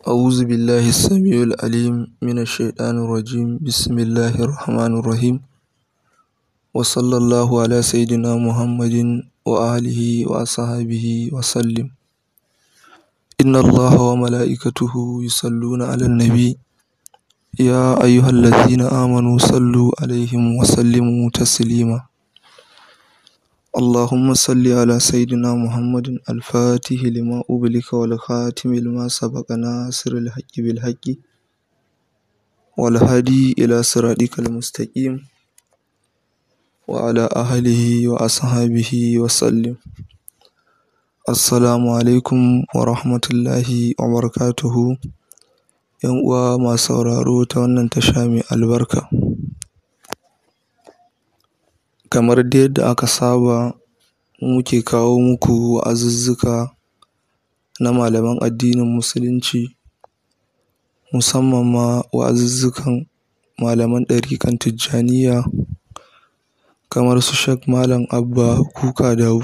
أعوذ بالله السميع العليم من الشيطان الرجيم بسم الله الرحمن الرحيم وصلى الله على سيدنا محمد وآله وأصحابه وسلم إن الله وملائكته يصلون على النبي يا أيها الذين آمنوا صلوا عليهم وسلموا تسليما اللهم صل على سيدنا محمد الفاتح لما أبلك والخاتم لما سبق ناصر الحق بالحق والهدي إلى صراطك المستقيم وعلى أهله وأصحابه وسلم السلام عليكم ورحمة الله وبركاته barakatuhu. ما uwa masu sauraro ta wannan Kamar dai yadda aka saba muke kawo muku wa'azuzzuka na malaman addinin musulunci musamman ma wa'azuzzukan malaman ɗariƙan Tijjaniya, kamar su Shek Malam Abba Kuka Dawu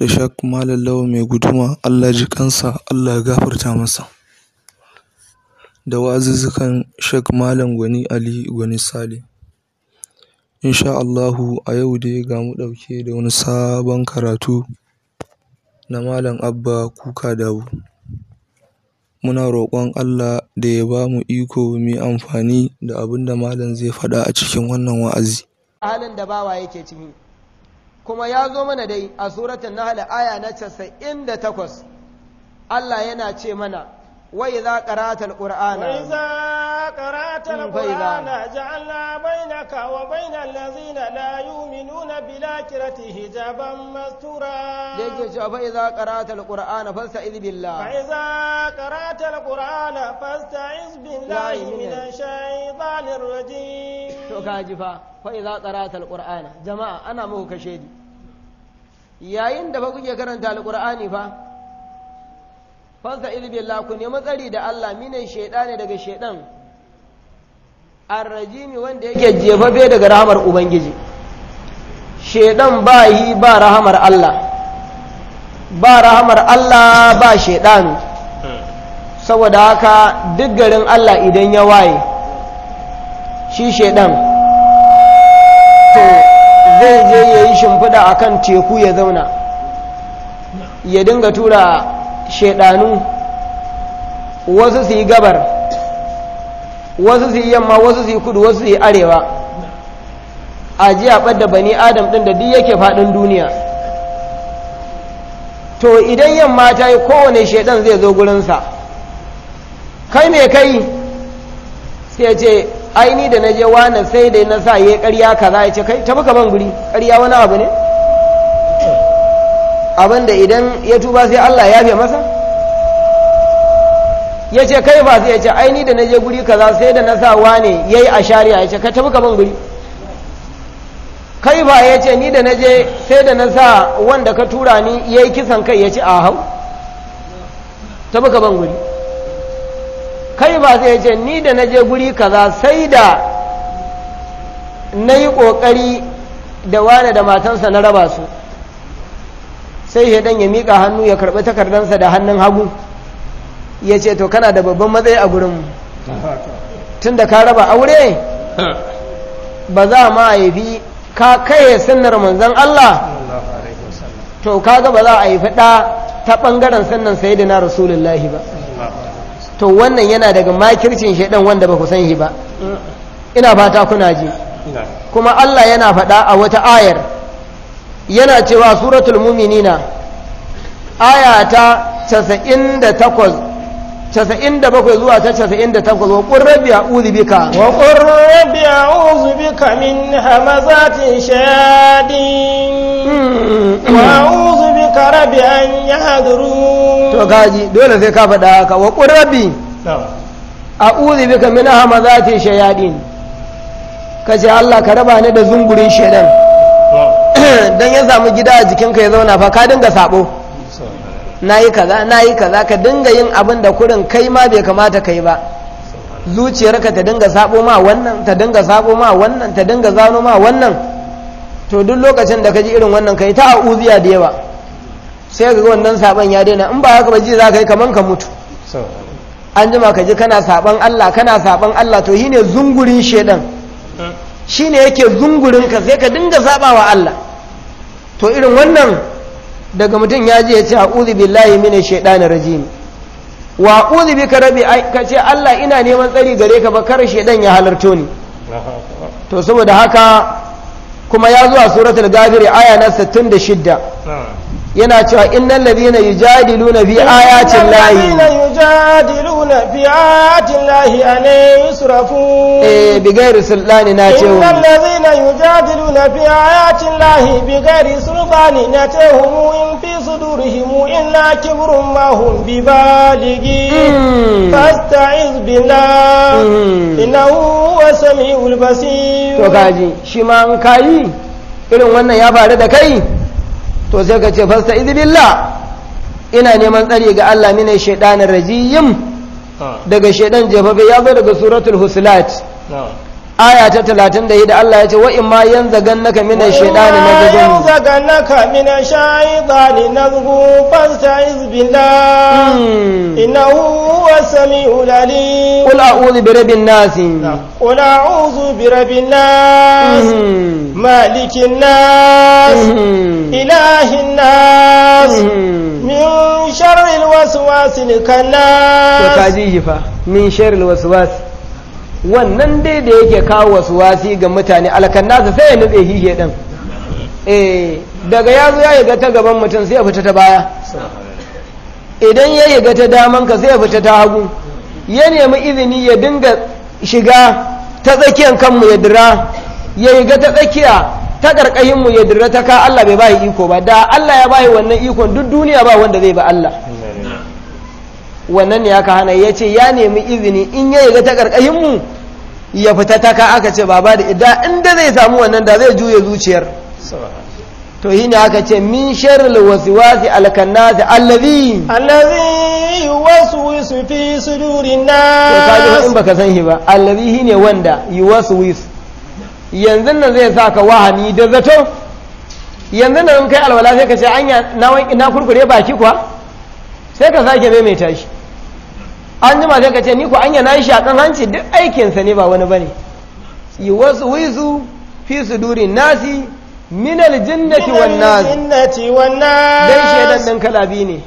da Shek Malam lawa Mai Guduma Allah ji ƙansa Allah gafarta masa da wa'azuzzukan Shek Malam Gwani Ali Gwani Sale. Insha Allahu a yau dai mu ɗauke da wani sabon karatu na Malam Abba Kuka Dawo. Muna roƙon Allah da ya ba mu iko mu amfani da abin da Malam zai faɗa a cikin wannan wa'azi. Halin da bawa yake ciki. Kuma ya zo mana dai a suratul Nahl aya na 98. Allah yana ce mana wai za qara'atal Qur'ana. إذا قرأت القرآن جعلنا بينك وبين الذين لا يؤمنون بالآخرة حجابا مستورا فإذا قرأت القرآن فاستعذ بالله فإذا قرأت القرآن فاستعذ بالله من الشيطان الرجيم to kaji fa fa idza qara'ta jama'a ana muku yayin da fa kuke karanta alqur'ani fa fasta ilbillah ku ne matsari da Allah minan ne daga shaiɗan. arrajimi wanda yake jefafe daga rahamar ubangiji shedan ba yi ba rahamar Allah ba rahamar Allah ba shedan saboda haka duk garin Allah idan ya waye shi shedan to zai je ya yi shimfiɗa a kan teku ya zauna ya dinga tura shedanu wasu su yi gabar wasu su yi yamma wasu su yi kudu wasu su yi arewa a ji a ɓadda bani adam ɗin da duk yake faɗin duniya to idan yamma ta yi kowane shaidan zai zo gurinsa kai mai kai sai ce aini da na je wani sai da na sa ya yi ƙarya kaza ya ce kai tafi ka ban guri ƙarya wani abu ne abinda idan ya tuba sai allah ya fi masa ya ce kai ba zai ce aini da na je guri kaza sai da na sa wane ya yi a shari'a ya ce ka tafi kaman guri kai ba ya ce ni da na je sai da na sa wanda ka tura ni ya yi kisan kai ya ce a hau tafi kaman guri kai ba zai ce ni da na je guri kaza sai da na yi ƙoƙari da wane da matansa na raba su sai dan ya miƙa hannu ya karɓi takardansa da hannun hagu ya ce to kana da babban matsayi a gurinmu tun da ka raba aure ba za a haifi ka kaye sunnar manzan Allah to kaga ba za a haifi ɗa ta ɓangaren sannan sai da na rasulullahi ba to wannan yana daga makircin shaidan wanda ba ku san shi ba ina fata kuna ji kuma Allah yana faɗa a wata ayar yana cewa suratul muminina aya ta 98 97 zuwa ta a a min hmm. wa rabi an to dole ka faɗa haka wa a min ka ce Allah ka raba ni da zungurin shaidan don ya samu gida a jikinka ya zauna fa ka dinga sabo nayi kaza na kaza ka dinga yin abin da kurin kai ma bai kamata kai ba zuciyarka ta dinga sabo ma wannan ta dinga sabo ma wannan ta dinga zano ma wannan to duk lokacin da ka ji irin wannan kai ta a'uziya da yawa sai ga wannan saban ya daina in ba haka ba ji za ka yi kaman ka mutu an jima ka ji kana saban Allah kana saban Allah to shine zungurin shedan hmm. shine yake zungurin ka sai ka dinga sabawa Allah to irin wannan daga mutum ya je ya ce a'udhu billahi minash shaitanir rajim wa a'udhu bika rabbi ka ce Allah ina neman tsari gare ka ba kar shaitan ya halarto ni to saboda haka kuma ya zuwa suratul gafir aya na 66 yana cewa innal ladina yujadiluna fi ayatin lahi ladina yujadiluna fi ayatin lahi alayhi yusrafun eh bighairi sultani na ce innal ladina yujadiluna fi ayatin lahi bighairi sultani na ce mu in fi sudurihim illa kibrun ma hum bi balighi hmm. fasta'iz billah hmm. innahu huwa sami basir to kaji shi ma an kai irin wannan ya faru da kai to sai ka ce fasta izinillah ina neman tsari ga Allah mina shaidanin rajiyim ah. daga shaidan jefafe ya zo daga suratul husulat ah. aya ta talatin da hida Allah ya ce wa imma yan zagan naka minan shaidani na zagon yan zagan naka minan shaidani na zagon fasta izbillah hmm. innahu huwa sami alim qul a'udhu bi nas qul a'udhu bi nas hmm. malikin nas hmm. ilahin nas min sharril waswasil kannas to kaji fa min sharril waswasil wannan dai da yake kawo wasu wasi ga mutane alkannasa sai ya nutse hihe ɗin eh, daga ya zo ya yi ta gaban mutum sai ya fita ta baya idan ya yi ta daman ka sai ya fita ta hagu ya nemi izini ya dinga shiga ta tsakiyar kanmu ya dira ya yi ta tsakiya ta mu ya dira ta ka Allah bai bayi iko ba da Allah ya bayi wannan ikon duk duniya ba wanda zai ba Allah wannan ne ya ka hana ya ce ya nemi izini in ya yiga ta mu. ya fita ta ka aka ce ba da idan inda zai samu wannan da zai juya zuciyar to yi ne aka ce min sharil alkanna da allazi allazi wisu fi sudurin nas to kaji in baka san shi ba allazi ne wanda yi wasu wisu yanzu nan zai sa ka wahani da zato yanzu nan kai alwala sai ka ce anya na kurkure baki kuwa sai ka sake maimaita shi an jima sai ka ce ni ku anya na shi a kan hanci duk aikinsa ne ba wani bane yi wasu wizu fi su duri nasi minal jinnati wan nas dan shedan dan kalabi ne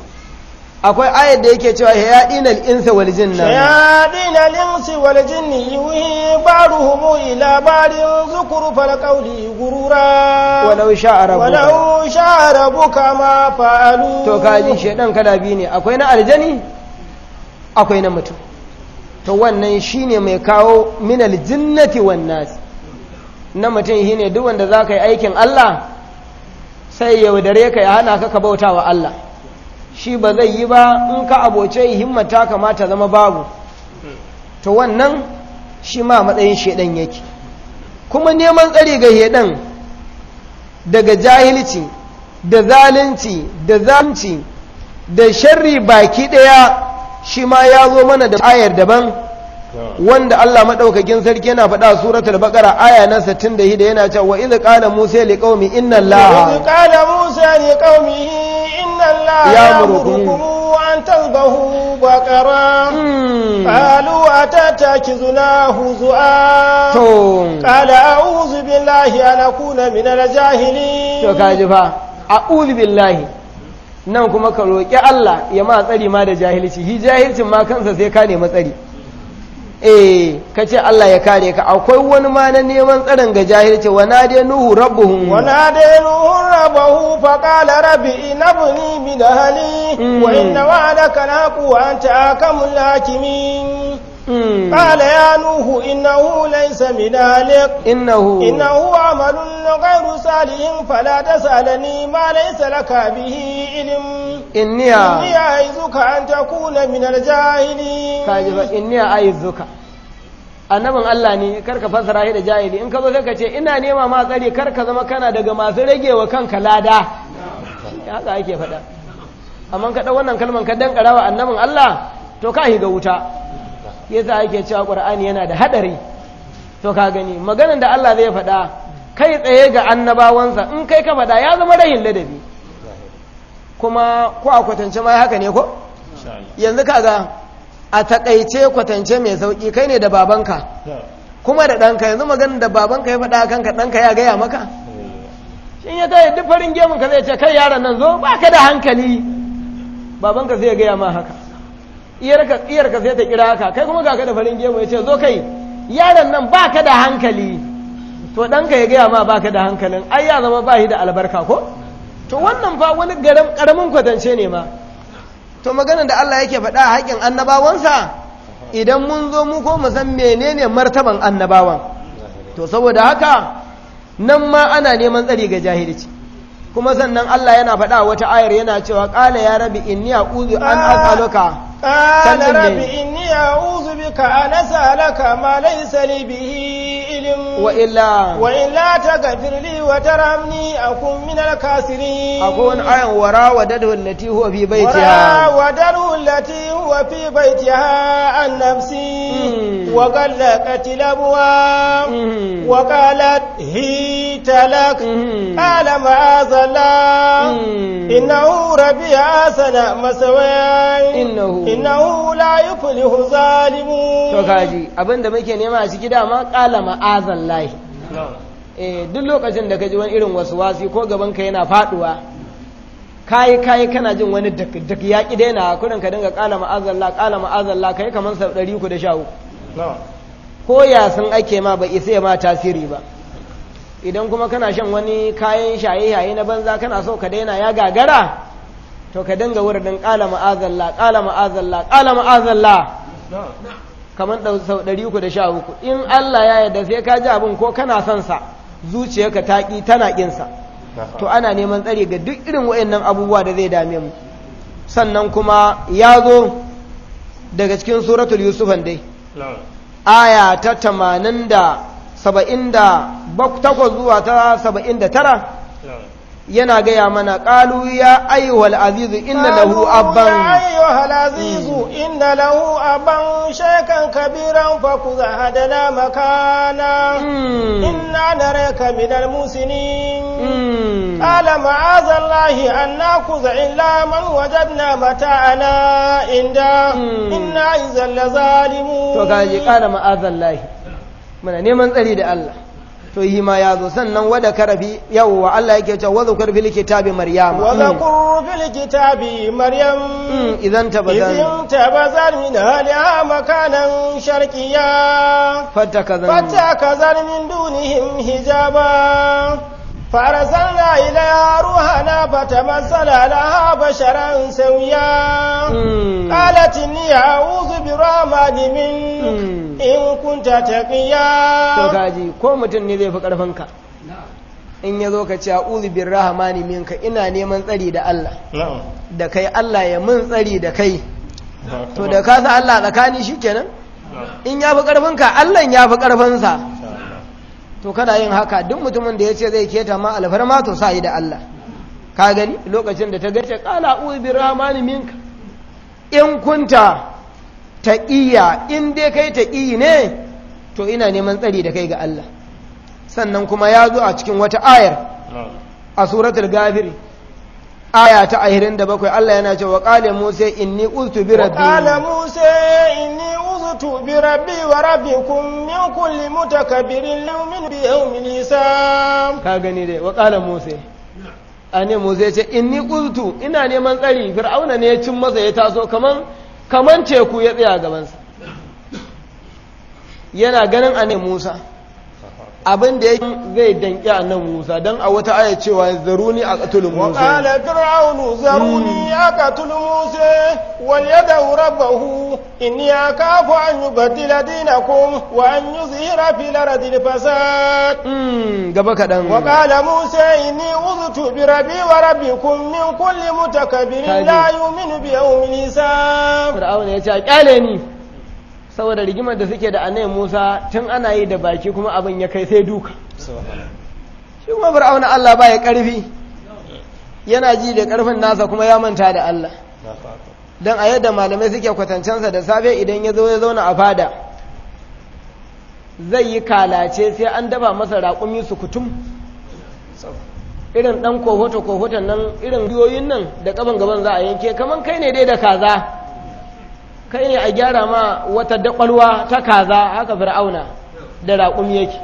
akwai ayat da yake cewa dinal insa wal jinna dinal insi wal jinni yuhi ba'ruhum ila ba'rin zukuru fal qawli gurura walau sha'a rabbuka walau sha'a rabbuka ma fa'alu to kaji shedan kalabi ne akwai na aljani akwai na mutum to wannan shi ne mai kawo minal jinnati wannan na mutum ne duk wanda za ka yi aikin Allah sai ya ka ya hana ka ka bauta wa Allah shi ba zai yi ba in ka aboce himmata kamata zama babu to wannan shi ma matsayin shedan yake kuma neman tsari ga shedan daga jahilci da zalunci da zamci da sharri baki ɗaya. shi ma ya zo mana da ayar daban wanda Allah maɗaukakin sarki yana faɗa suratul baqara aya na 60 da yana cewa wa idh qala musa liqaumi inna allaha idh qala musa liqaumihi inna allaha ya'murukum an tadhbahu baqara hmm. qalu huzua qala a'udhu billahi an akuna min al-jahilin to kaji fa a'udhu billahi nan kuma ka roƙi Allah ya ma tsari ma da jahilci hi jahilcin ma kansa sai ka nemi tsari eh ka ce Allah ya kare ka akwai wani ma na neman tsarin ga jahilci wa nade nuhu rabbuhu wa nade nuhu rabbuhu fa qala rabbi inabni min ahli mm. wa inna wa'adaka laqu wa anta akamul hakimin Hmm. قال يا نوح إنه ليس من أهلك إنه إنه عمل غير صالح فلا تسألني ما ليس لك به علم إني أعيذك أن تكون من الجاهلين كاجبا إني أعيذك annabin Allah ne karka fassara shi da jahili in ka zo ka ce ina nema ma tsari karka zama kana daga masu ragewa kanka lada Ya haka ake faɗa amma ka ɗau wannan kalman ka danƙara ƙarawa annabin Allah to ka ga wuta a ke cewa qur'ani yana da haɗari to ka gani maganin da Allah zai faɗa kai tsaye ga annabawansa in kai ka faɗa ya zama rahin ladabi kuma ko a kwatance ma haka ne ko yanzu kaga a takaice kwatance mai sauƙi kai ne da babanka kuma da ɗanka yanzu maganin da babanka ya faɗa kanka ɗanka ya gaya maka shi ya tayi duk farin gemun ka zai ce kai yaron nan zo ba ka da hankali babanka zai gaya ma haka iyar ka sai ta kira ka kai kuma ga da farin gemu ya ce zo kai yaran nan baka da hankali to ka ya gaya ma baka da hankalin ai ya zama ba da albarka ko to wannan fa wani karamin kwatance ne ma to maganar da Allah yake faɗa a haƙƙin annabawansa idan mun zo mu ko mu san menene martaban annabawan to saboda haka nan ma ana neman tsari ga jahilci kuma sannan Allah yana faɗa wata ayar yana cewa qala ya rabi inni a'udhu an as'aluka قال رب إني أعوذ بك أن أسألك ما ليس لي به علم وإلا وإلا تغفر لي وترحمني أكون من الكاسرين أكون وراء ودده التي هو في بيتها وراء ودده التي هو في بيتها عن نفسي وغلقت الأبواب وقالت هيت لك قال معاذ الله إنه ربي أحسن مسواي إنه لا يفلح الظالمون to kaji abin da muke nema a ciki dama ƙala ma'azan lahi eh, duk lokacin da ka ji wani irin wasu wasi ko gaban ka yana faduwa kayi kayi kana jin wani dak yaƙi daina kurin ka dinga ƙala ma'azan la ƙala ma'azan la kai kamar sau ɗari ku da sha'u. ko yasan ake ma ba isa ya ma tasiri ba idan kuma kana shan wani kayan shaye-shaye na banza kana so ka daina ya gagara to ka dinga wurin kala ma'azalla kala ma'azalla kala ma'azalla kamar sau 313 in Allah ya yarda sai ka ji abin ko kana son sa zuciyarka ta ki tana sa to ana neman tsare ga duk irin waɗannan abubuwa da zai dame mu sannan kuma ya zo daga cikin suratul yusufan dai aya ta tamanin da saba'in da takwas zuwa ta saba'in da tara yana gaya mana ƙalu ya ayyuhal azizu inna lahu abban ayyuhal hmm. azizu inna lahu abban shaykan kabiran fa kuza hadana makana hmm. inna naraka al musinin hmm. qala ma'aza allahi an nakuza illa man wajadna mata'ana inda inna izal zalimun to kaji qala ma'aza allahi muna neman tsari da Allah to yi ma ya zo sannan wada karafi yawwa Allah yake cewa wa zukur fil kitabi maryam wa zukur fil kitabi maryam hmm, idan tabazan idan tabazan min haliha makanan sharqiya fattakazan fattakazan min dunihim hijaba فارسلنا إليها روحنا فتمثل لها بشرا سويا قالت إني أعوذ برحمن منك in kunta taqiya to kaji ko mutum ne zai fi karfin ka in ya zo ka ce a'udhu birrahmani minka ina neman tsari da Allah da kai Allah ya mun tsari da kai to da ka sa Allah tsakani kenan in ya fi karfin ka Allah ya fi karfin sa to kada yin haka duk mutumin da ya ce zai keta ma alfarma to sa yi da Allah ka gani lokacin da ta gace kala a'udhu birrahmani minka in kunta taƙiyya in dai kai taƙiyi ne to ina neman tsari da kai ga Allah sannan kuma ya zo a cikin wata ayar a suratul gafiri aya ta 27 Allah yana cewa qala musa inni uztu bi rabbi qala musa inni uztu bi rabbi wa rabbikum min kulli mutakabbirin law min bi yawmin hisab ka gani dai wa qala musa ane musa ya ce inni uztu ina neman tsari fir'auna ne ya cin masa ya taso kaman kaman teku ya tsaya gabansa yana ganin a ne musa abin da yake zai danki nan Musa dan a wata aya cewa zaruni aqtulu Musa wa qala fir'aunu zaruni hmm. aqtulu Musa wal yadu rabbahu inni akafu an yubaddila dinakum wa an yuzhira fil ardi fasad hmm, gaba kadan wa qala Musa inni udtu bi rabbi wa rabbikum min kulli mutakabbirin la yu'minu bi yawmin hisab fir'aunu ya ce kyale ni saboda rigimar da suke da annabi Musa tun ana yi da baki kuma abin ya kai sai duka shi kuma fir'auna Allah ba ya karfi yana ji da karfin nasa kuma ya manta da Allah dan a yadda malamai suke kwatancensa da safe idan ya zo ya zauna a fada zai yi kalace sai an dafa masa raƙumi su kutum irin ɗan kohoto kohoton nan irin riyoyin nan da ƙaban gaban za a yanke kaman kai ne dai da kaza kai ne a gyara ma wata dakwalwa ta kaza haka fir'auna da raƙumi yake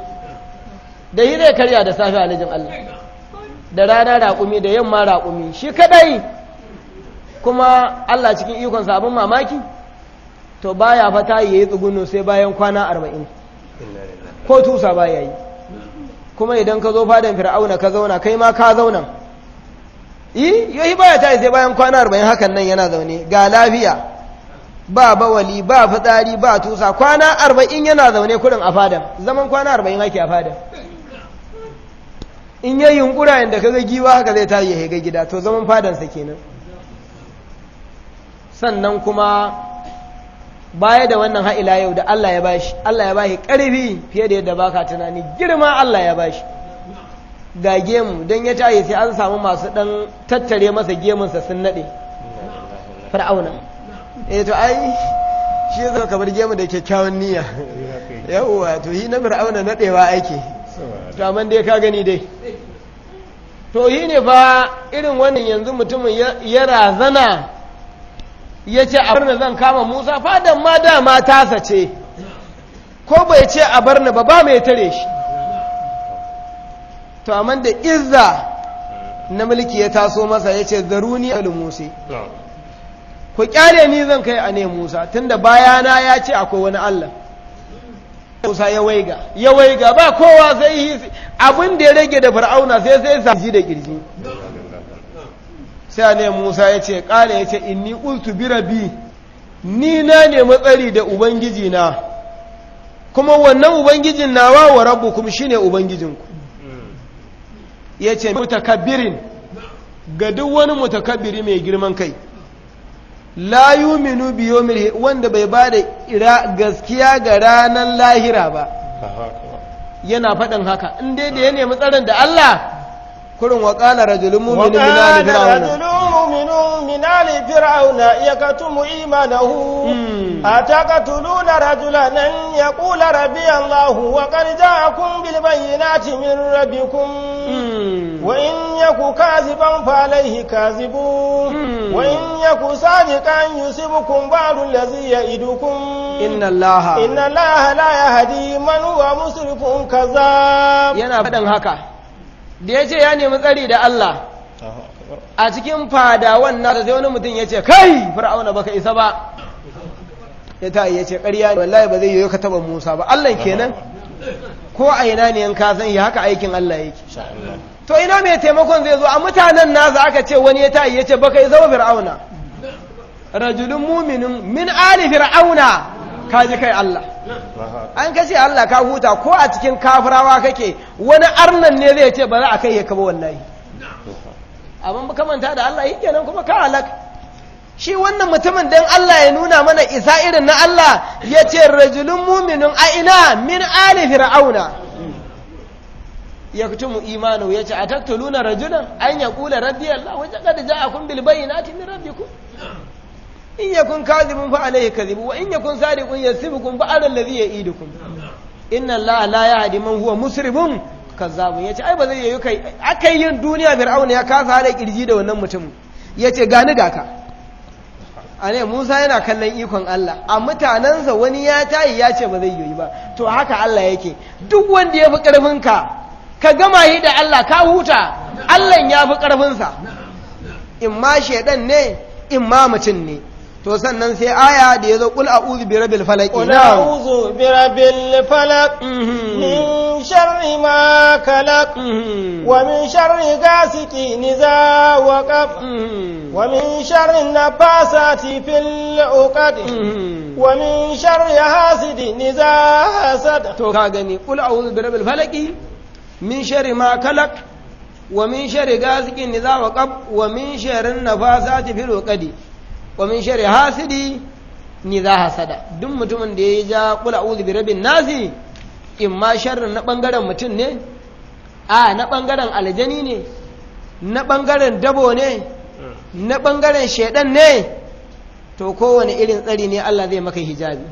da yi zai karya da safi alijin Allah da rana raƙumi da yamma raƙumi shi kadai kuma Allah cikin ikon sabon mamaki to baya fata yayi tsuguno sai bayan kwana arba'in ko tusa baya yi kuma idan ka zo fadan fir'auna ka zauna kai ma ka zauna yi yohi baya ta yi sai bayan kwana arba'in hakan nan yana zaune ga lafiya ba bawali ba fitsari ba tusa kwana arba'in yana zaune kurin a fadan zaman kwana arba'in ake a fadan in yi yunkura yadda zagi giwa haka zai tayi ya ga gida to zaman fadansa kenan sannan kuma baya da wannan ha'ila yau da Allah ya bashi Allah ya bashi karfi fiye da yadda baka tunani girma Allah ya bashi ga gemu don ya tayi sai an samu masu ɗan tattare masa gemunsa sun naɗe fir'auna eh to ai shi zama kamar gemu da kyakkyawan niyya yawwa to yi na fir'auna naɗewa aiki to amma dai ka gani dai to yi ne ba irin wannan yanzu mutumin ya razana ya ce a barna zan kama musa fadan ma dama tasa ce ko bai ce a barna ba ba mai tare shi to amma da izza na mulki ya taso masa ya ce zaruni alimusi ku kyale ni zan kai a ne Musa tunda bayana ya ce akwai wani Allah Musa ya waiga ya waiga ba kowa zai yi abin da ya rage da Fir'auna sai sai sa ji da kirji sai ne Musa ya ce kare ya ce inni ultu bi rabbi ni na ne matsari da ubangiji na kuma wannan ubangijin nawa wa rabbukum shine ubangijinku ya ce mutakabbirin ga duk wani mutakabbiri mai girman kai la yuminu bi wanda bai ba da gaskiya ga ranan lahira ba yana faɗin haka in dai da ya nemi tsarin da Allah kurin wa rajulun mu'minun min ali fir'auna yakatumu imanahu hmm. rajula nan ya ƙula rabbi Allah wa qad ja'akum bil bayyinati min kun. وإن يكو كاذبا فعليه كاذبون وإن يكو صادقا يسبكم بعض الذي يئدكم إن الله إن الله لا يهدي من هو مسرف كذاب ينا بدن هكا ديجي ya مزالي دا الله tsari da Allah a cikin fadawan nasa sai wani mutum ya ce kai fir'auna baka isa ba ya ta iya ce ƙarya ne wallahi ba zai yi ka taba Musa ba Allah kenan ko a ina ne yan ka san ya haka aikin Allah yake to ina mai taimakon zai zo a mutanen nasa aka ce wani ya tayi ya ce baka yi zama fir'auna rajulun muminin min ali fir'auna ka ji kai Allah an kashe Allah ka huta ko a cikin kafirawa kake wani arnan ne zai ce ba za a kai ya kaba wallahi abin kamanta da Allah yake nan kuma ka halak shi wannan mutumin dan Allah ya nuna mana isa irin na Allah ya ce rajulun muminin a ina min ali fir'auna yaktumu imanu yace a ataktuluna rajulan an yaqula rabbi Allah wa qad ja'akum bil bayyinati min rabbikum in yakun kadhibun fa alayhi kadhibu wa in yakun sadiqun yasibukum fa ala alladhi ya'idukum inna Allah la yahdi man huwa musrifun kazzabun yace ai ba zai yayi kai akai yin duniya fir'auna ya kasa hada kirji da wannan mutum yace gani ga ka ane Musa yana kallon ikon Allah a mutanansa wani ya tayi yace ce ba zai yi ba to haka Allah yake duk wanda yafi fi karfin ka ka gama yi da Allah ka huta Allah ya fi ƙarfinsa in ma shaidan ne in ma mutum ne to sannan sai aya da ya zo ƙul a uzu bi rabil falaki ƙul a uzu bi rabil falak mhm. min sharri ma kalak mhm. wa min sharri gasiki za wa kaf mhm. wa min sharri nafasati fil uqad wa min sharri hasidi za hasad to ka gani ƙul a uzu bi rabil falaki min shari ma kalak wa min shari gazikin ni za wa ƙab wa min sharin nafasa ta fi roƙadi wa min shari hasidi ni za hasada duk mutumin da ya ja kula uzu bi rabin nasi in ma sharrin na ɓangaren mutum ne a na ɓangaren aljani ne na ɓangaren dabo ne na ɓangaren shaidan ne to kowane irin tsari ne allah zai maka hijabi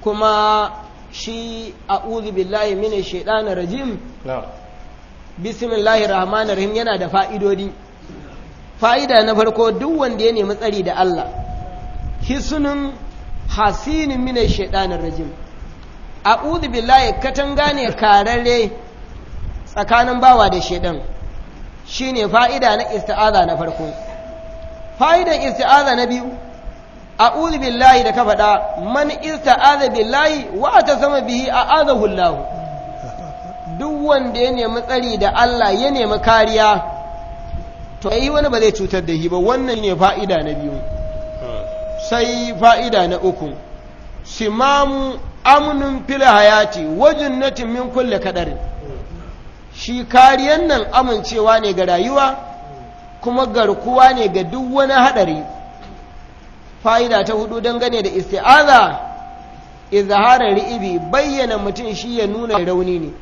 kuma shi a'udhu billahi minash shaitanir rajim bismillahir rahmanir rahim yana da fa'idodi fa'ida na farko duk wanda ya nemi tsari da Allah hisnun hasinin minash shaitanir rajim a'udhu billahi katanga ne kararre tsakanin bawa da shaitan shine fa'ida na isti'aza na farko fa'idan isti'aza na biyu a'udhu billahi da ka faɗa man ista'adha billahi wa zama bihi a'adahu Allah duk wanda ya nemi tsari da Allah ya nemi kariya to ai wani ba zai cutar da shi ba wannan ne fa'ida na biyu sai fa'ida na uku simamu amnun fil hayati wajinnatin min kulli kadari shi kariyan nan amincewa ne ga rayuwa kuma garkuwa ne ga duk wani hadari fa'ida ta hudu dangane da isti'aza izharar ri'ibi bayyana mutum shi ya nuna rauni ne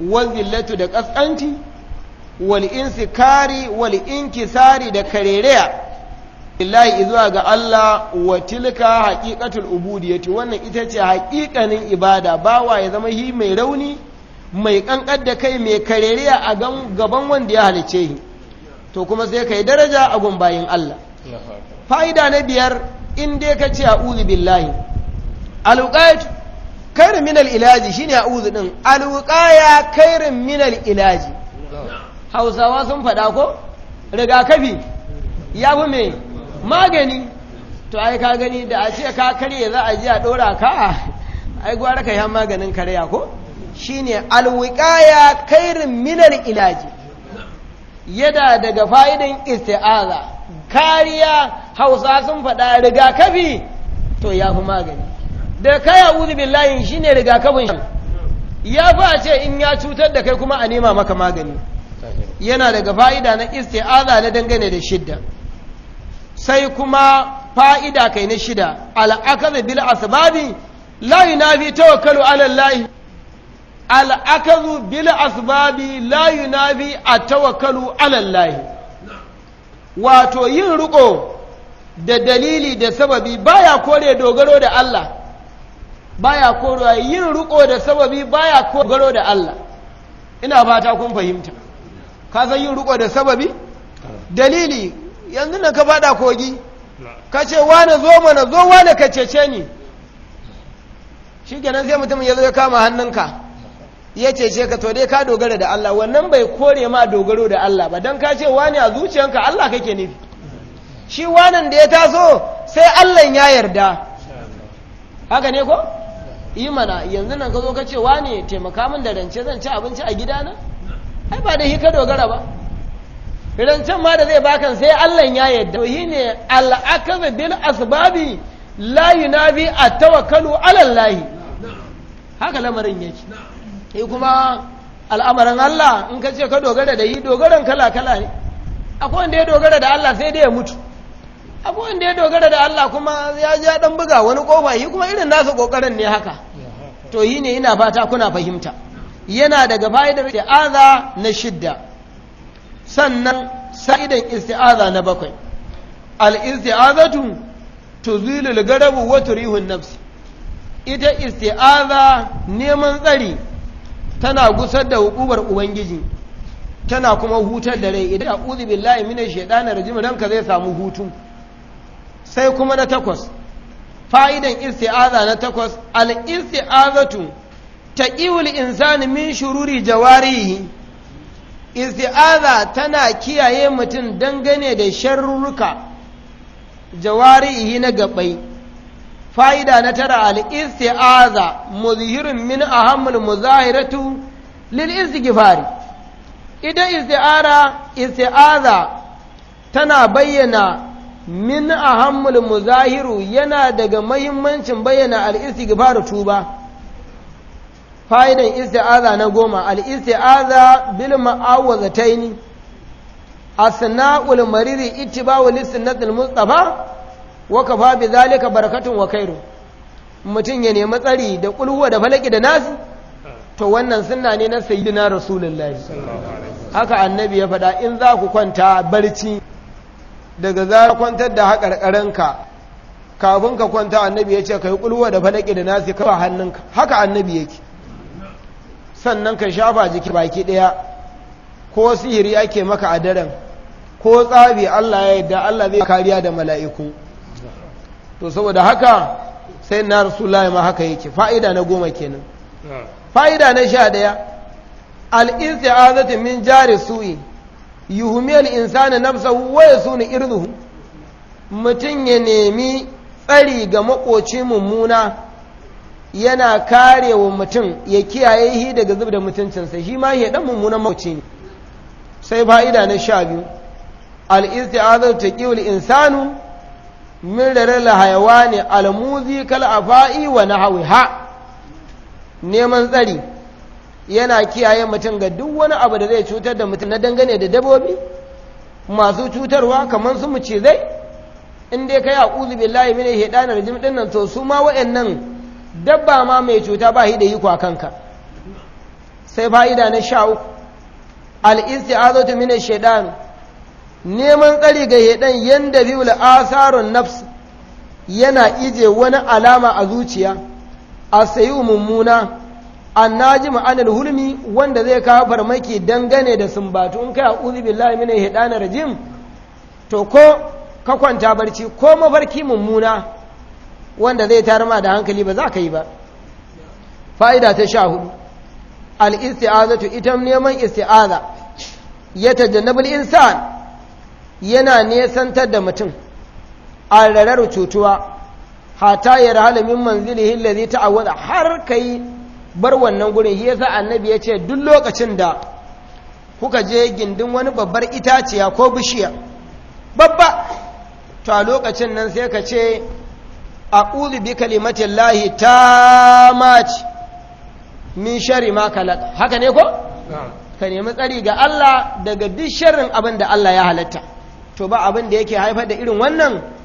wal zillatu da kaskanci wal insikari wal inkisari da karereya billahi zuwa ga Allah wa tilka haqiqatul ubudiyyati wannan ita ce haqiqanin ibada bawa ya zama hi mai rauni mai kankar da kai mai karereya a gaban wanda ya halice shi to kuma sai kai daraja a gun bayin Allah fa'ida na biyar in dai ka ce a'udhu billahi alwuqayatu kairin minal ilaji shine a'udhu din alwuqaya kairin minal ilaji hausawa sun faɗa ko rigakafi ya fi mai magani to ai ka gani da a ce ka karye za a ji a ɗora ka ai gwara ka maganin karya ko shine alwuqaya kairin minal ilaji yada daga fa'idan isti'aza kariya hausa sun faɗa rigakafi to ya fi magani da kaya wuri billahi shi ne rigakafin shi ya fi a ce in ya cutar da kai kuma a nema maka magani yana daga fa'ida na aza na dangane da shidda sai kuma fa'ida kai na shida al'akaza bil asbabi na fi tawakkalu ala al'akazu bil asbabi na fi a tawakkalu ala wato yin riko da dalili da sababi baya kore dogaro da Allah baya korewa yin riko da sababi baya dogaro da Allah ina fata kun fahimta ka san yin riko da sababi dalili yanzu na ka fada kogi ka ce wane zo mana zo wane ka cece ni shi kenan sai mutum ya zo ya kama hannunka ya ce ka to dai ka dogara da Allah wannan bai kore ma dogaro da Allah ba don ka ce wani a zuciyanka Allah kake nufi shi wanan da ya taso sai Allah ya yarda haka ne ko imana yanzu nan ka zo ka ce wani taimaka min da rance zan ci abinci a gidana ai ba da shi ka dogara ba rancen ma da zai bakan sai Allah ya yarda shi ne al'akaza bil asbabi la yunabi at tawakkalu ala Allah haka lamarin yake kai kuma al'amarin Allah in ka ce ka dogara da yi dogaran kala-kala ne akwai wanda ya dogara da Allah sai dai ya mutu akwai wanda ya dogara da Allah kuma ya ja dan buga wani kofa yi kuma irin nasa kokarin ne haka to yi ne ina fata kuna fahimta yana daga fa'idar isti'aza na shidda sannan sa'idan isti'aza na bakwai al-isti'azatu tuzilul garabu wa turihun nafsi ita isti'aza neman tsari tana gusar da hukumar ubangiji tana kuma hutar da rai idan a'udhu billahi minash shaitani rajim ranka zai samu hutu sai kuma na takwas fa'idan isti'aza na takwas al isti'azatu taqiwul insani min shururi jawarihi isti'aza tana kiyaye mutum dangane da sharruka jawarihi na gabai fa'ida na tara al'isti'aza muzhirin min ahammul muzahiratu lil istighfari ita isti'ara isti'aza tana bayyana min ahammul muzahiru yana daga mahimmancin bayyana al'istighfaru tuba fa'idan isti'aza na goma al'isti'aza bil ma'awazataini asna'ul mariri ittiba'u lis mustafa wa fa bi zalika barakatun wa khairu mutum ya nemi tsari da kulhuwa da falaki da nasi to wannan sunna ne na sayyidina rasulullahi haka annabi ya faɗa in za ku kwanta barci daga zara kwantar da haƙarƙarinka kafin ka kwanta annabi ya ce ka yi kulwa da falaki da nasi kawa hannunka haka annabi yake sannan ka shafa jiki baki ɗaya ko sihiri ake maka a daren ko tsabi Allah ya yadda Allah zai kariya da mala'iku to saboda haka sai na rasulullahi ma haka yake fa'ida na goma kenan fa'ida na sha daya a zata min jari su'i yuhmi na insana waya su ni irduhu mutum ya nemi tsari ga makoci mummuna yana kare wa mutum ya kiyaye shi daga zub da mutuncinsa shi ma ya dan mummunan makoci ne sai fa'ida na sha biyu al-isti'azatu taqiul insanu min rarar hayawani almuzi kal'afa'i wa nahawi ha neman tsari yana kiyaye mutum ga duk wani abu da zai cutar da mutum na dangane da dabobi masu cutarwa kamar su mucizai in dai kai a'udhu billahi min shaitani rajim din nan to su ma wayannan dabba ma mai cuta ba da yi kwa sai fa'ida na sha uku al isti'azatu min shaitan neman tsari ga yadan yanda biyu asarun nafs yana ije wani alama a zuciya a sayi mummuna annaji ma'anar hulmi wanda zai kawo farmaki dangane da sumbatu in kai a a'udhu billahi minash hidanar rajim to ko ka kwanta barci ko mafarki mummuna wanda zai ma da hankali ba za ka yi ba fa'ida ta sha hudu al-isti'azatu ita neman isti'aza yatajannabul insan yana nesantar da mutum a rarar cutuwa hata ya rahala min zai ta awada har ka yi bar wannan gurin shi yasa annabi ya ce duk lokacin da kuka je gindin wani babbar itaciya ko bishiya babba to a lokacin nan sai ka ce a'udhu bi kalimatin lahi maci min shari ma kalaq haka ne ko ka nemi tsari ga Allah daga duk shirin abin da Allah ya halatta to ba abin da yake haifar da irin wannan